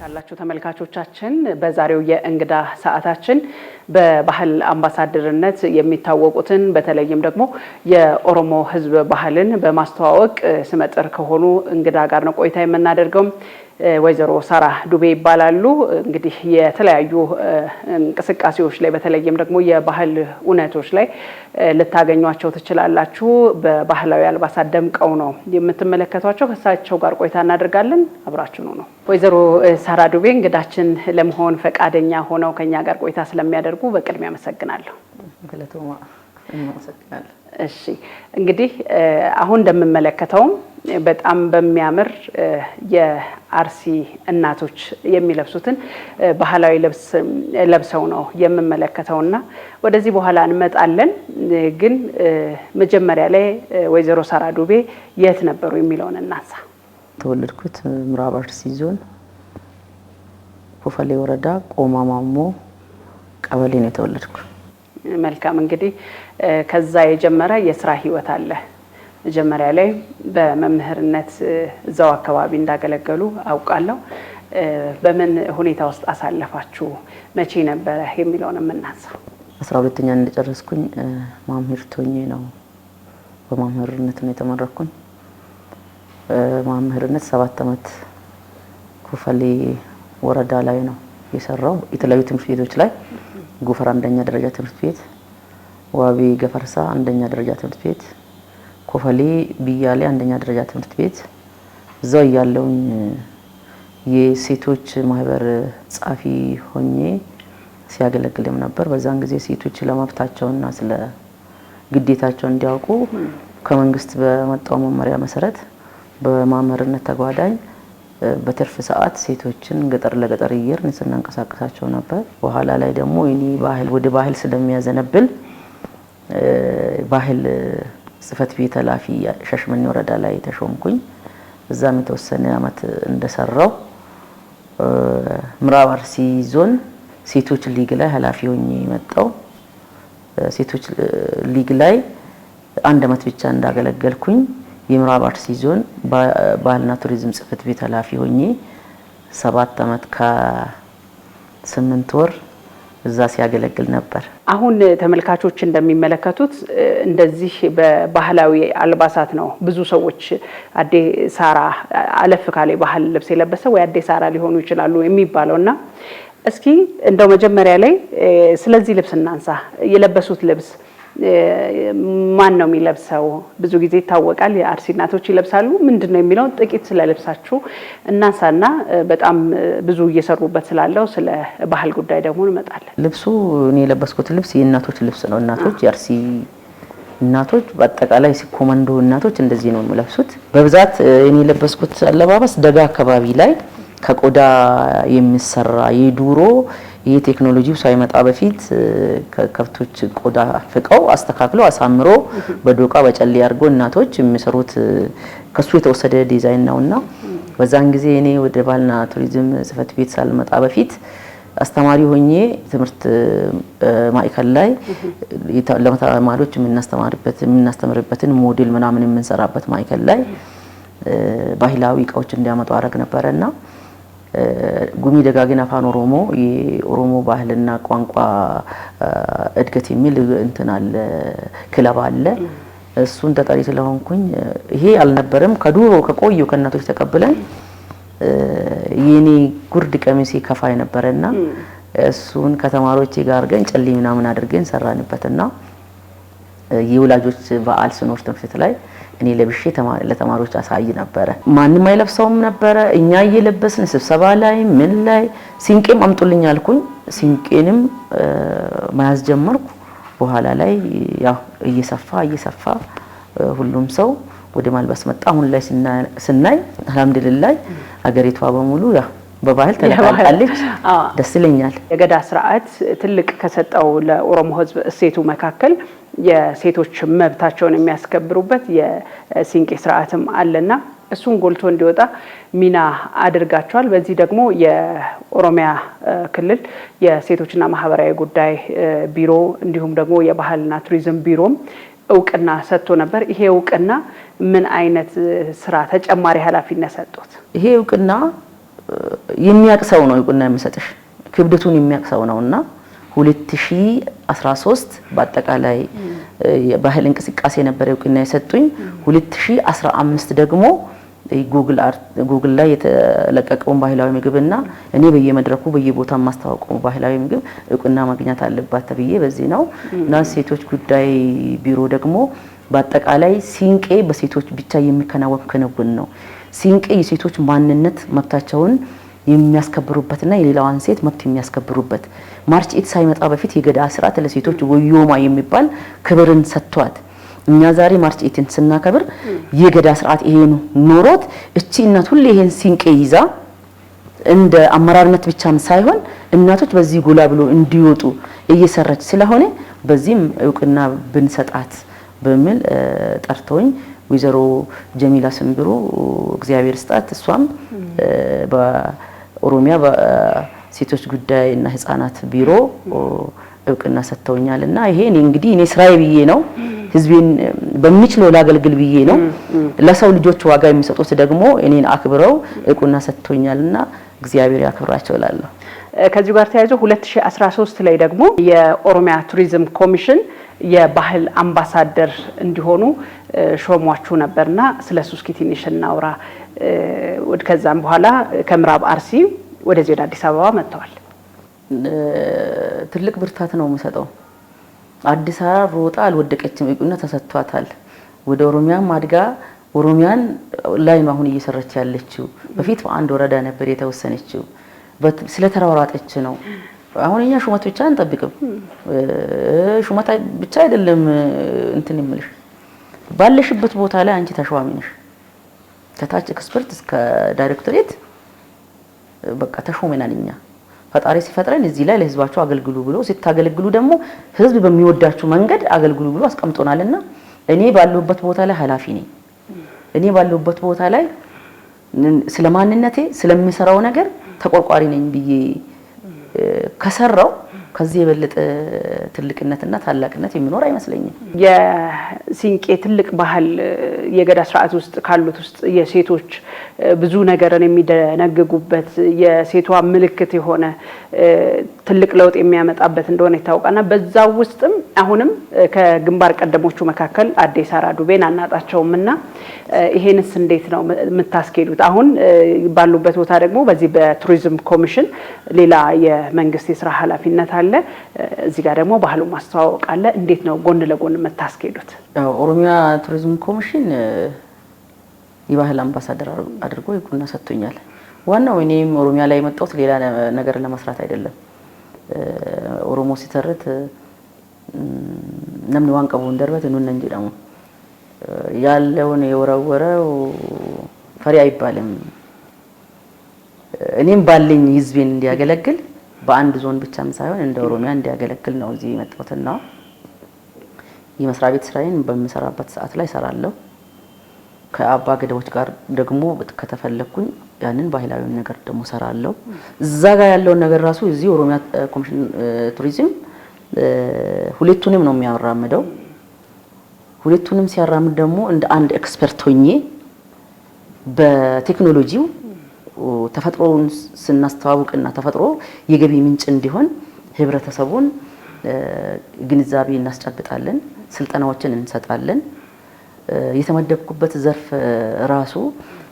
ካላችሁ ተመልካቾቻችን በዛሬው የእንግዳ ሰዓታችን በባህል አምባሳደርነት የሚታወቁትን በተለይም ደግሞ የኦሮሞ ሕዝብ ባህልን በማስተዋወቅ ስመጥር ከሆኑ እንግዳ ጋር ነው ቆይታ የምናደርገው። ወይዘሮ ሳራ ዱቤ ይባላሉ። እንግዲህ የተለያዩ እንቅስቃሴዎች ላይ በተለይም ደግሞ የባህል እውነቶች ላይ ልታገኟቸው ትችላላችሁ። በባህላዊ አልባሳት ደምቀው ነው የምትመለከቷቸው። ከእሳቸው ጋር ቆይታ እናደርጋለን። አብራችኑ ነው ነው ወይዘሮ ሳራ ዱቤ እንግዳችን ለመሆን ፈቃደኛ ሆነው ከኛ ጋር ቆይታ ስለሚያደርጉ በቅድሚያ አመሰግናለሁ። እሺ እንግዲህ አሁን እንደምመለከተውም በጣም በሚያምር የአርሲ እናቶች የሚለብሱትን ባህላዊ ልብስ ለብሰው ነው እና ወደዚህ በኋላ እንመጣለን። ግን መጀመሪያ ላይ ወይዘሮ ሳራ ዱቤ የት ነበሩ የሚለውን እናንሳ። ተወለድኩት ምዕራብ አርሲ ዞን ኮፈሌ ወረዳ ቆማ ማሞ ቀበሌ ነው የተወለድኩ። መልካም እንግዲህ ከዛ የጀመረ የስራ ህይወት አለ። መጀመሪያ ላይ በመምህርነት እዛው አካባቢ እንዳገለገሉ አውቃለሁ። በምን ሁኔታ ውስጥ አሳለፋችሁ? መቼ ነበረ የሚለውን የምናንሳው። አስራ ሁለተኛ እንደጨረስኩኝ ማምህርት ቶኜ ነው በማምህርነት ነው የተመረኩኝ። ማምህርነት ሰባት አመት ኩፈሌ ወረዳ ላይ ነው የሰራው የተለያዩ ትምህርት ቤቶች ላይ ጎፈር አንደኛ ደረጃ ትምህርት ቤት ዋቢ ገፈርሳ አንደኛ ደረጃ ትምህርት ቤት፣ ኮፈሌ ብያሌ አንደኛ ደረጃ ትምህርት ቤት እዛው እያለውኝ የሴቶች ማህበር ጻፊ ሆኜ ሲያገለግልም ነበር። በዛን ጊዜ ሴቶች ስለመብታቸውና ስለ ግዴታቸው እንዲያውቁ ከመንግስት በመጣው መመሪያ መሰረት በማመርነት ተጓዳኝ በትርፍ ሰዓት ሴቶችን ገጠር ለገጠር እየርን ስናንቀሳቀሳቸው ነበር። በኋላ ላይ ደግሞ እኔ ባህል ወደ ባህል ስለሚያዘነብል ባህል ጽህፈት ቤት ኃላፊ ሻሸመኔ ወረዳ ላይ ተሾምኩኝ። እዛም የተወሰነ አመት እንደሰራው ምዕራብ አርሲ ዞን ሴቶች ሊግ ላይ ኃላፊ ሆኜ የመጣው ሴቶች ሊግ ላይ አንድ አመት ብቻ እንዳገለገልኩኝ የምዕራብ አርሲ ዞን ባህልና ቱሪዝም ጽህፈት ቤት ኃላፊ ሆኜ ሰባት አመት ከስምንት ወር እዛ ሲያገለግል ነበር። አሁን ተመልካቾች እንደሚመለከቱት እንደዚህ በባህላዊ አልባሳት ነው ብዙ ሰዎች አዴ ሳራ አለፍ ካለ ባህል ልብስ የለበሰ ወይ አዴ ሳራ ሊሆኑ ይችላሉ የሚባለው እና እስኪ እንደው መጀመሪያ ላይ ስለዚህ ልብስ እናንሳ የለበሱት ልብስ ማን ነው የሚለብሰው? ብዙ ጊዜ ይታወቃል፣ የአርሲ እናቶች ይለብሳሉ። ምንድን ነው የሚለው ጥቂት ስለ ልብሳችሁ እናንሳና በጣም ብዙ እየሰሩበት ስላለው ስለ ባህል ጉዳይ ደግሞ እንመጣለን። ልብሱ እኔ የለበስኩት ልብስ የእናቶች ልብስ ነው። እናቶች የአርሲ እናቶች በአጠቃላይ ሲኮመንዶ እናቶች እንደዚህ ነው የሚለብሱት በብዛት። እኔ የለበስኩት አለባበስ ደጋ አካባቢ ላይ ከቆዳ የሚሰራ የዱሮ ይህ ቴክኖሎጂው ሳይመጣ በፊት ከከብቶች ቆዳ ፍቀው አስተካክለው አሳምሮ በዶቃ በጨሌ አድርጎ እናቶች የሚሰሩት ከሱ የተወሰደ ዲዛይን ነውና በዛን ጊዜ እኔ ወደ ባህልና ቱሪዝም ጽፈት ቤት ሳልመጣ በፊት አስተማሪ ሆኜ ትምህርት ማዕከል ላይ ለተማሪዎች የምናስተማርበት የምናስተምርበትን ሞዴል ምናምን የምንሰራበት ማዕከል ላይ ባህላዊ እቃዎች እንዲያመጡ አደረግ ነበረና ጉሚ ደጋግን አፋን ኦሮሞ የኦሮሞ ባህልና ቋንቋ እድገት የሚል እንትን አለ ክለብ አለ። እሱን ተጠሪ ስለሆንኩኝ ይሄ አልነበረም። ከዱሮ ከቆዩ ከእናቶች ተቀብለን የኔ ጉርድ ቀሚሴ ከፋ የነበረና እሱን ከተማሪዎቼ ጋር ግን ጨሌ ምናምን አድርገን ሰራንበትና የወላጆች በዓል ስኖር ትምህርት ላይ እኔ ለብሼ ለተማሪዎች አሳይ ነበረ። ማንም አይለብሰውም ነበረ። እኛ እየለበስን ስብሰባ ላይ ምን ላይ ሲንቄም አምጡልኝ አልኩኝ። ሲንቄንም መያዝ ጀመርኩ። በኋላ ላይ ያው እየሰፋ እየሰፋ ሁሉም ሰው ወደ ማልበስ መጣ። አሁን ላይ ስናይ አልሐምዱሊላህ አገሪቷ በሙሉ ያው በባህል ተለቃልቃለች። ደስ ይለኛል። የገዳ ስርዓት ትልቅ ከሰጠው ለኦሮሞ ህዝብ እሴቱ መካከል የሴቶች መብታቸውን የሚያስከብሩበት የሲንቄ ስርዓትም አለና እሱን ጎልቶ እንዲወጣ ሚና አድርጋቸዋል። በዚህ ደግሞ የኦሮሚያ ክልል የሴቶችና ማህበራዊ ጉዳይ ቢሮ እንዲሁም ደግሞ የባህልና ቱሪዝም ቢሮም እውቅና ሰጥቶ ነበር። ይሄ እውቅና ምን አይነት ስራ ተጨማሪ ኃላፊነት ሰጡት? ይሄ እውቅና የሚያቅ ሰው ነው ይቁና የሚሰጥሽ ክብደቱን የሚያቅ ሰው ነው እና 2013 በአጠቃላይ የባህል እንቅስቃሴ ነበር እውቅና የሰጡኝ። 2015 ደግሞ ጉግል ላይ የተለቀቀውን ባህላዊ ምግብና እኔ በየመድረኩ በየቦታ የማስተዋውቀው ባህላዊ ምግብ እውቅና ማግኘት አለባት ተብዬ በዚህ ነው እና ሴቶች ጉዳይ ቢሮ ደግሞ በአጠቃላይ ሲንቄ በሴቶች ብቻ የሚከናወን ክንውን ነው ሲንቄ የሴቶች ማንነት መብታቸውን የሚያስከብሩበትና የሌላዋን ሴት መብት የሚያስከብሩበት ማርች ኤት ሳይመጣ በፊት የገዳ ስርዓት ለሴቶች ወዮማ የሚባል ክብርን ሰጥቷት እኛ ዛሬ ማርች ኤትን ስናከብር የገዳ ስርዓት ይሄን ኖሮት እቺ እናት ሁሌ ይሄን ሲንቄ ይዛ እንደ አመራርነት ብቻም ሳይሆን እናቶች በዚህ ጎላ ብሎ እንዲወጡ እየሰራች ስለሆነ በዚህም እውቅና ብንሰጣት በሚል ጠርተውኝ ወይዘሮ ጀሚላ ስንብሩ እግዚአብሔር ስጣት። እሷም በኦሮሚያ በሴቶች ጉዳይ እና ሕጻናት ቢሮ እውቅና ሰጥተውኛል እና ይሄ እኔ እንግዲህ እኔ ስራዬ ብዬ ነው ህዝቤን በሚችለው ላገልግል ብዬ ነው። ለሰው ልጆች ዋጋ የሚሰጡት ደግሞ እኔን አክብረው እውቅና ሰጥቶኛል እና እግዚአብሔር ያክብራቸው እላለሁ። ከዚሁ ጋር ተያይዞ 2013 ላይ ደግሞ የኦሮሚያ ቱሪዝም ኮሚሽን የባህል አምባሳደር እንዲሆኑ ሾሟችሁ ነበርና ስለ እሱ እስኪ ትንሽ እናውራ። ከዛም በኋላ ከምዕራብ አርሲ ወደዚህ ወደ አዲስ አበባ መጥተዋል። ትልቅ ብርታት ነው የምሰጠው። አዲስ አበባ ሮጣ አልወደቀችም፣ እውቅና ተሰጥቷታል። ወደ ኦሮሚያም አድጋ ኦሮሚያን ላይ ነው አሁን እየሰራች ያለችው። በፊት በአንድ ወረዳ ነበር የተወሰነችው፣ ስለተሯሯጠች ነው አሁን እኛ ሹመት ብቻ አንጠብቅም። ሹመት ብቻ አይደለም እንትን የምልሽ ባለሽበት ቦታ ላይ አንቺ ተሿሚ ነሽ። ከታች ኤክስፐርት እስከ ዳይሬክቶሬት በቃ ተሾመናል። እኛ ፈጣሪ ሲፈጥረን እዚህ ላይ ለህዝባቸው አገልግሉ ብሎ ስታገለግሉ ደግሞ ህዝብ በሚወዳቸው መንገድ አገልግሉ ብሎ አስቀምጦናልና እኔ ባለሁበት ቦታ ላይ ኃላፊ ነኝ። እኔ ባለሁበት ቦታ ላይ ስለማንነቴ ስለሚሰራው ነገር ተቆርቋሪ ነኝ ብዬ ከሰራው ከዚህ የበለጠ ትልቅነትና ታላቅነት የሚኖር አይመስለኝም። የሲንቄ ትልቅ ባህል የገዳ ስርዓት ውስጥ ካሉት ውስጥ የሴቶች ብዙ ነገርን የሚደነግጉበት የሴቷ ምልክት የሆነ ትልቅ ለውጥ የሚያመጣበት እንደሆነ ይታወቃልና በዛ ውስጥም አሁንም ከግንባር ቀደሞቹ መካከል አዴ ሳራ ዱቤን አናጣቸውም እና ይሄንስ እንዴት ነው የምታስኬዱት? አሁን ባሉበት ቦታ ደግሞ በዚህ በቱሪዝም ኮሚሽን ሌላ የመንግስት የስራ ኃላፊነት አለ። እዚህ ጋር ደግሞ ባህሉ ማስተዋወቅ አለ። እንዴት ነው ጎን ለጎን የምታስኬዱት? ኦሮሚያ ቱሪዝም ኮሚሽን የባህል አምባሳደር አድርጎ ይቁና ሰጥቶኛል። ዋናው እኔም ኦሮሚያ ላይ የመጣሁት ሌላ ነገር ለመስራት አይደለም። ኦሮሞ ሲተርት ነምን ዋንቀቡ እንደርበት ኑነ እንጂ ደግሞ ያለውን የወረወረው ፈሪ አይባልም። እኔም ባለኝ ህዝቤን እንዲያገለግል በአንድ ዞን ብቻም ሳይሆን እንደ ኦሮሚያ እንዲያገለግል ነው እዚህ የመጣሁትና የመስሪያ ቤት ስራዬን በምሰራበት ሰዓት ላይ እሰራለሁ። ከአባ ገዳዎች ጋር ደግሞ ከተፈለግኩኝ ያንን ባህላዊ ነገር ደግሞ ሰራለሁ። እዛ ጋር ያለውን ነገር ራሱ እዚህ ኦሮሚያ ኮሚሽን ቱሪዝም ሁለቱንም ነው የሚያራምደው። ሁለቱንም ሲያራምድ ደግሞ እንደ አንድ ኤክስፐርት ሆኜ በቴክኖሎጂው ተፈጥሮውን ስናስተዋውቅና ተፈጥሮ የገቢ ምንጭ እንዲሆን ህብረተሰቡን ግንዛቤ እናስጨብጣለን፣ ስልጠናዎችን እንሰጣለን። የተመደብኩበት ዘርፍ ራሱ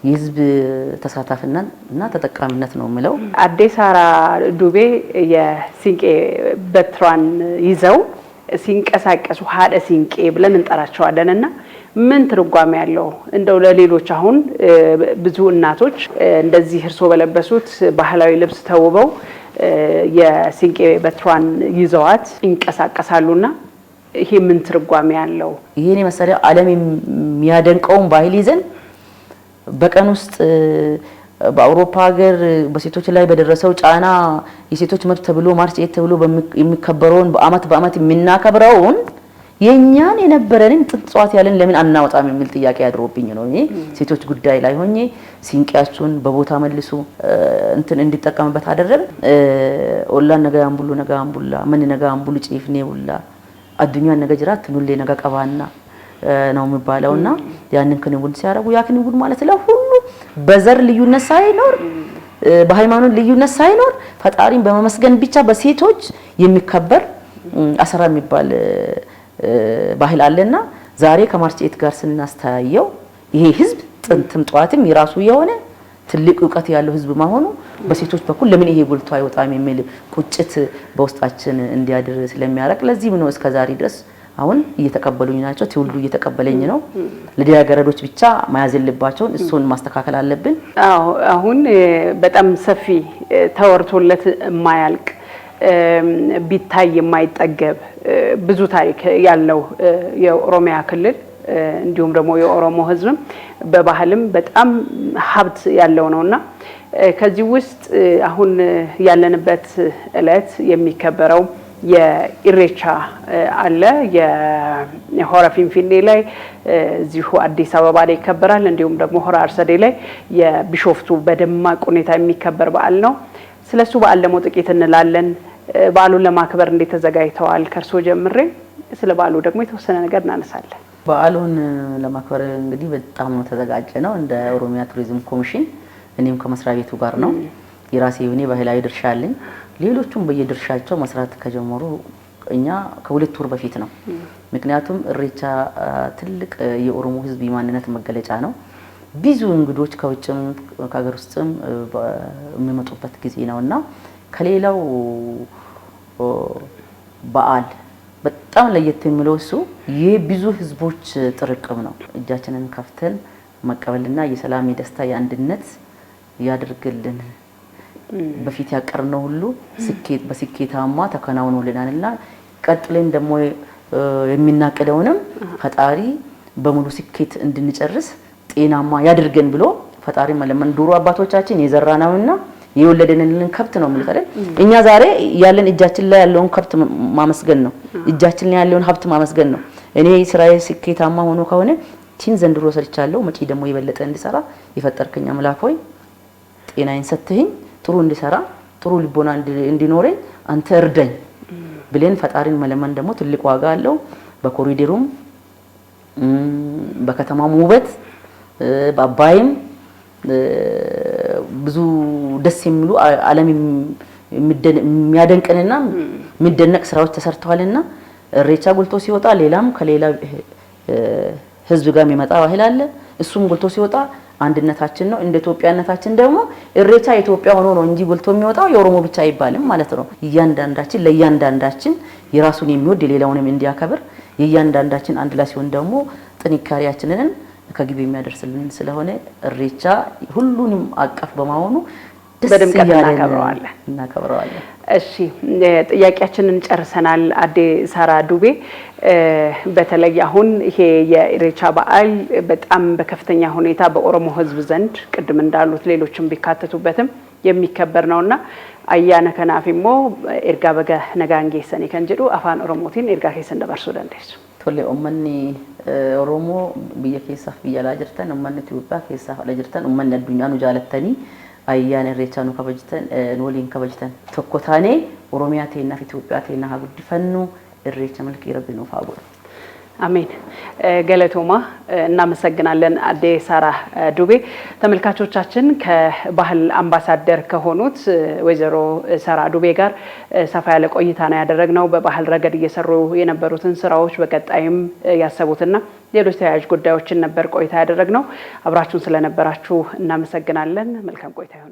የህዝብ ተሳታፊነት እና ተጠቃሚነት ነው የምለው። አዴ ሳራ ዱቤ የሲንቄ በትሯን ይዘው ሲንቀሳቀሱ ሀደ ሲንቄ ብለን እንጠራቸዋለን እና ምን ትርጓሜ ያለው እንደው ለሌሎች አሁን ብዙ እናቶች እንደዚህ እርሶ በለበሱት ባህላዊ ልብስ ተውበው የሲንቄ በትሯን ይዘዋት ይንቀሳቀሳሉና ይሄ ምን ትርጓሜ ያለው? ይሄን የመሰለ ዓለም የሚያደንቀውን ባህል ይዘን በቀን ውስጥ በአውሮፓ ሀገር በሴቶች ላይ በደረሰው ጫና የሴቶች መብት ተብሎ ማርች ኤት ተብሎ የሚከበረውን በአመት በአመት የምናከብረውን የእኛን የነበረንን ጥንት እጽዋት ያለን ለምን አናወጣም የሚል ጥያቄ ያድሮብኝ ነው። እኔ ሴቶች ጉዳይ ላይ ሆኜ ሲንቄያችሁን በቦታ መልሱ እንትን እንዲጠቀምበት አደረግ ኦላን ነገ አምቡሉ ነገ አምቡላ ምን ነገ አምቡሉ ጪፍ ቡላ አዱኛ ነገ ጅራት ኑሌ ነገ ቀባና ነው የሚባለው እና ያንን ክንውን ሲያደርጉ ያ ክንውን ማለት ለሁሉ በዘር ልዩነት ሳይኖር በሃይማኖት ልዩነት ሳይኖር ፈጣሪን በመመስገን ብቻ በሴቶች የሚከበር አሰራ የሚባል ባህል አለና ዛሬ ከማርች ኤት ጋር ስናስተያየው ይሄ ህዝብ ጥንትም ጠዋትም የራሱ የሆነ ትልቅ እውቀት ያለው ህዝብ መሆኑ በሴቶች በኩል ለምን ይሄ ጎልቶ አይወጣም የሚል ቁጭት በውስጣችን እንዲያድር ስለሚያደርግ ለዚህም ነው እስከዛሬ ድረስ አሁን እየተቀበሉኝ ናቸው። ትውልዱ እየተቀበለኝ ነው። ልጃገረዶች ብቻ መያዝ የለባቸውን እሱን ማስተካከል አለብን። አሁን በጣም ሰፊ ተወርቶለት የማያልቅ ቢታይ የማይጠገብ ብዙ ታሪክ ያለው የኦሮሚያ ክልል እንዲሁም ደግሞ የኦሮሞ ህዝብም በባህልም በጣም ሀብት ያለው ነው እና ከዚህ ውስጥ አሁን ያለንበት እለት የሚከበረው የኢሬቻ አለ። የሆረ ፊንፊኔ ላይ እዚሁ አዲስ አበባ ላይ ይከበራል። እንዲሁም ደግሞ ሆረ አርሰዴ ላይ የቢሾፍቱ በደማቅ ሁኔታ የሚከበር በዓል ነው። ስለሱ በዓል ደግሞ ጥቂት እንላለን። በዓሉን ለማክበር እንዴት ተዘጋጅተዋል? ከእርሶ ጀምሬ ስለ በዓሉ ደግሞ የተወሰነ ነገር እናነሳለን። በዓሉን ለማክበር እንግዲህ በጣም ነው ተዘጋጀ ነው። እንደ ኦሮሚያ ቱሪዝም ኮሚሽን እኔም ከመስሪያ ቤቱ ጋር ነው የራሴ የሆነ ባህላዊ ድርሻ አለኝ። ሌሎቹም በየድርሻቸው መስራት ከጀመሩ እኛ ከሁለት ወር በፊት ነው። ምክንያቱም እሬቻ ትልቅ የኦሮሞ ሕዝብ የማንነት መገለጫ ነው። ብዙ እንግዶች ከውጭም ከሀገር ውስጥም የሚመጡበት ጊዜ ነው እና ከሌላው በዓል በጣም ለየት የሚለው እሱ የብዙ ህዝቦች ጥርቅም ነው። እጃችንን ከፍተን መቀበልና የሰላም የደስታ የአንድነት ያድርግልን። በፊት ያቀርነው ሁሉ ስኬት በስኬታማ ተከናውኖልናልና ቀጥለን ደግሞ የሚናቀደውንም ፈጣሪ በሙሉ ስኬት እንድንጨርስ ጤናማ ያድርገን ብሎ ፈጣሪ መለመን። ድሮ አባቶቻችን ነውና የወለደንልን ከብት ነው የምልህ እኛ ዛሬ ያለን እጃችን ላይ ያለውን ከብት ማመስገን ነው። እጃችን ላይ ያለውን ሀብት ማመስገን ነው። እኔ ስራዬ ስኬታማ ሆኖ ከሆነ ቲን ዘንድሮ ሰርቻለሁ፣ መጪ ደግሞ የበለጠ እንድሰራ የፈጠርከኝ አምላክ ሆይ ጤናዬን ሰጥተኸኝ ጥሩ እንድሰራ ጥሩ ልቦና እንዲኖረኝ አንተ እርደኝ ብለን ፈጣሪን መለመን ደግሞ ትልቅ ዋጋ አለው። በኮሪደሩም በከተማም ውበት በአባይም ብዙ ደስ የሚሉ ዓለም የሚያደንቅንና የሚደነቅ ስራዎች ተሰርተዋልና እሬቻ ጎልቶ ሲወጣ ሌላም ከሌላ ህዝብ ጋር የሚመጣ ባህል አለ። እሱም ጎልቶ ሲወጣ አንድነታችን ነው። እንደ ኢትዮጵያነታችን ደግሞ እሬቻ የኢትዮጵያ ሆኖ ነው እንጂ ጎልቶ የሚወጣው የኦሮሞ ብቻ አይባልም ማለት ነው። እያንዳንዳችን ለእያንዳንዳችን የራሱን የሚወድ የሌላውንም እንዲያከብር የእያንዳንዳችን አንድ ላይ ሲሆን ደግሞ ጥንካሬያችንን ከግቢ የሚያደርስልን ስለሆነ እሬቻ ሁሉንም አቀፍ በማሆኑ በድምቀት እናከብረዋለን እናከብረዋለን። እሺ ጥያቄያችንን ጨርሰናል። አዴ ሳራ ዱቤ፣ በተለይ አሁን ይሄ የኢሬቻ በዓል በጣም በከፍተኛ ሁኔታ በኦሮሞ ሕዝብ ዘንድ ቅድም እንዳሉት ሌሎችም ቢካተቱበትም የሚከበር ነው እና አያነ ከናፊሞ ኤርጋ በገ ሰኔ ከንጅዱ አፋን ኦሮሞቲን ኤርጋ ኬሰን ደበርሱ ደንዴሱ Tole ummanni Oromoo biyya keessaaf biyya alaa jirtan, ummanni Itoophiyaa keessaaf ala jirtan, ummanni addunyaa nu jaalattanii ayyaana irreechaa nu kabajitan, nu waliin kabajitan tokko taanee Oromiyaa teenyaaf Itoophiyaa teenyaa haa guddifannu irreecha milkii rabbi nuuf haa godhu. አሜን። ገለቶማ እናመሰግናለን። አዴ ሳራ ዱቤ። ተመልካቾቻችን ከባህል አምባሳደር ከሆኑት ወይዘሮ ሳራ ዱቤ ጋር ሰፋ ያለ ቆይታ ነው ያደረግነው። በባህል ረገድ እየሰሩ የነበሩትን ስራዎች፣ በቀጣይም ያሰቡትና ሌሎች ተያያዥ ጉዳዮችን ነበር ቆይታ ያደረግነው። አብራችሁን ስለነበራችሁ እናመሰግናለን። መልካም ቆይታ ይሆናል።